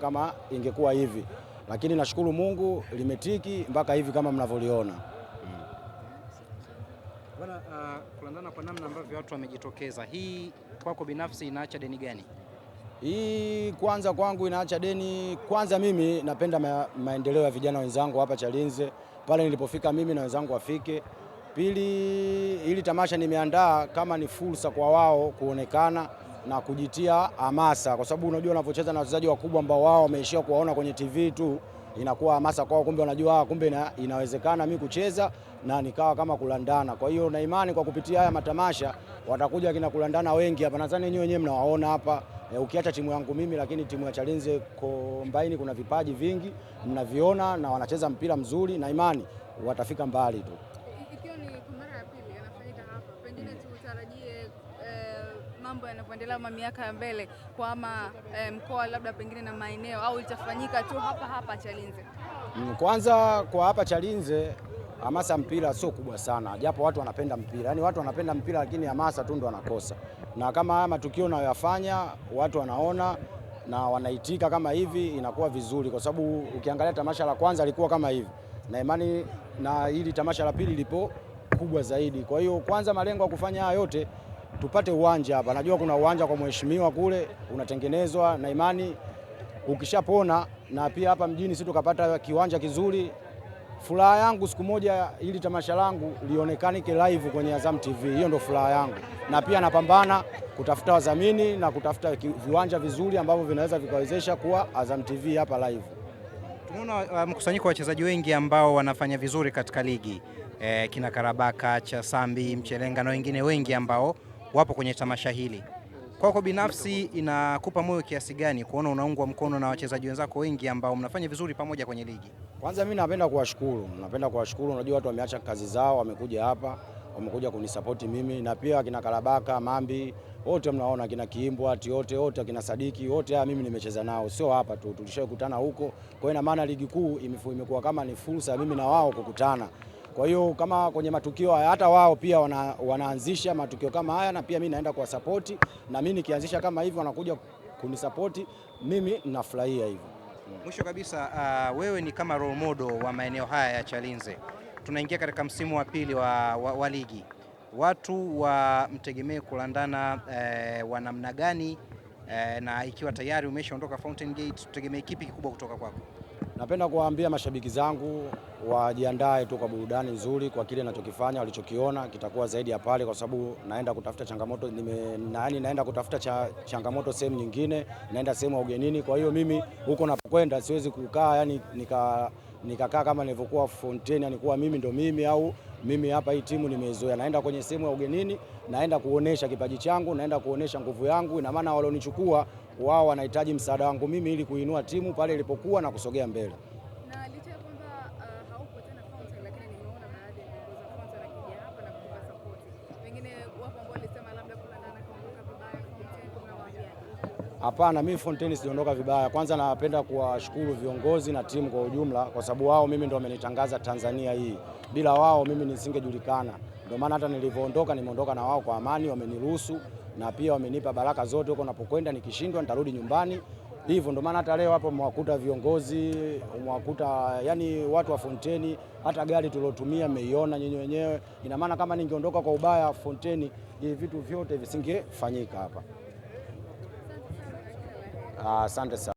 kama ingekuwa hivi, lakini nashukuru Mungu limetiki mpaka hivi kama mnavyoliona. Hmm. Bwana, uh, kulingana kwa namna ambavyo watu wamejitokeza, hii kwako binafsi inaacha deni gani? Hii kwanza kwangu inaacha deni kwanza, mimi napenda ma maendeleo ya vijana wenzangu hapa Chalinze, pale nilipofika mimi na wenzangu wafike. Pili, hili tamasha nimeandaa kama ni fursa kwa wao kuonekana na kujitia hamasa, kwa sababu unajua unavyocheza na wachezaji wakubwa ambao wao wameishia kuwaona kwenye TV tu, inakuwa hamasa kwao, kumbe wanajua kumbe ina, inawezekana mi kucheza na nikawa kama kulandana. Kwa hiyo na imani kwa kupitia haya matamasha watakuja kina kulandana wengi hapa, nadhani nyinyi wenyewe mnawaona hapa e, ukiacha timu yangu mimi, lakini timu ya Chalinze Kombaini kuna vipaji vingi mnaviona, na wanacheza mpira mzuri, na imani watafika mbali tu. Ikiwa ni kwa mara ya pili anafanyika hapa, pengine tutarajie mambo yanavyoendelea ma miaka ya mbele kwa ama eh, mkoa labda pengine na maeneo au itafanyika tu hapa hapa Chalinze? Mm, kwanza kwa hapa Chalinze hamasa mpira sio kubwa sana, japo watu wanapenda mpira, yaani watu wanapenda mpira, lakini hamasa tu ndo wanakosa. Na kama haya matukio unayoyafanya watu wanaona na wanaitika kama hivi, inakuwa vizuri, kwa sababu ukiangalia tamasha la kwanza lilikuwa kama hivi, na imani na hili tamasha la pili lipo kubwa zaidi. Kwa hiyo kwanza, malengo ya kufanya haya yote tupate uwanja hapa. Najua kuna uwanja kwa mheshimiwa kule unatengenezwa na imani ukishapona, na pia hapa mjini si tukapata kiwanja kizuri. Furaha yangu siku moja ili tamasha langu lionekanike live kwenye Azam TV, hiyo ndio furaha yangu, na pia napambana kutafuta wadhamini na kutafuta viwanja vizuri ambavyo vinaweza vikawezesha kuwa Azam TV hapa live. Tunaona uh, mkusanyiko wa wachezaji wengi ambao wanafanya vizuri katika ligi e, kina Karabaka, Chasambi, Mchelenga na wengine wengi ambao wapo kwenye tamasha hili. Kwako binafsi inakupa moyo kiasi gani kuona unaungwa mkono na wachezaji wenzako wengi ambao mnafanya vizuri pamoja kwenye ligi? Kwanza mimi napenda kuwashukuru, napenda kuwashukuru. Unajua watu wameacha kazi zao, wamekuja hapa, wamekuja kunisapoti mimi, na pia akina Karabaka Mambi wote mnaona, akina Kiimbwa wote wote, akina Sadiki wote, haya mimi nimecheza nao, sio hapa tu, tulishakutana huko. Kwa hiyo ina maana ligi kuu imekuwa kama ni fursa mimi na wao kukutana. Kwa hiyo kama kwenye matukio haya hata wao pia wana, wanaanzisha matukio kama haya na pia mimi naenda kuwasapoti, na mimi nikianzisha kama hivi wanakuja kunisapoti mimi, nafurahia hivyo. Mwisho kabisa, uh, wewe ni kama role model wa maeneo haya ya Chalinze. Tunaingia katika msimu wa pili wa, wa, wa ligi, watu wamtegemee kulandana eh, wa namna gani eh, na ikiwa tayari umeshaondoka Fountain Gate, tutegemee kipi kikubwa kutoka kwako? Napenda kuwaambia mashabiki zangu wajiandae tu kwa burudani nzuri, kwa kile ninachokifanya walichokiona kitakuwa zaidi ya pale, kwa sababu naenda kutafuta changamoto nime, nani, naenda kutafuta cha, changamoto sehemu nyingine, naenda sehemu ya ugenini. Kwa hiyo mimi huko napokwenda siwezi kukaa yani nika nikakaa kama nilivyokuwa Fontaine, nilikuwa mimi ndo mimi au mimi hapa hii timu nimeizoea, naenda kwenye sehemu ya ugenini, naenda kuonesha kipaji changu, naenda kuonesha nguvu yangu. Ina maana walionichukua wao wanahitaji msaada wangu mimi ili kuinua timu pale ilipokuwa na kusogea mbele. Hapana, mimi Fountain sijaondoka vibaya. Kwanza napenda kuwashukuru viongozi na timu kwa ujumla, kwa sababu wao mimi ndio wamenitangaza Tanzania hii. Bila wao mimi nisingejulikana, ndio maana hata nilivyoondoka nimeondoka na wao kwa amani, wameniruhusu na pia wamenipa baraka zote huko napokwenda. Nikishindwa nitarudi nyumbani, hivyo ndio maana hata leo hapo mwakuta viongozi, mwakuta yani watu wa Fountain, hata gari tulilotumia mmeiona nyinyi wenyewe. Ina maana kama ningeondoka kwa ubaya Fountain, hivi vitu vyote visingefanyika hapa. Asante uh, sana.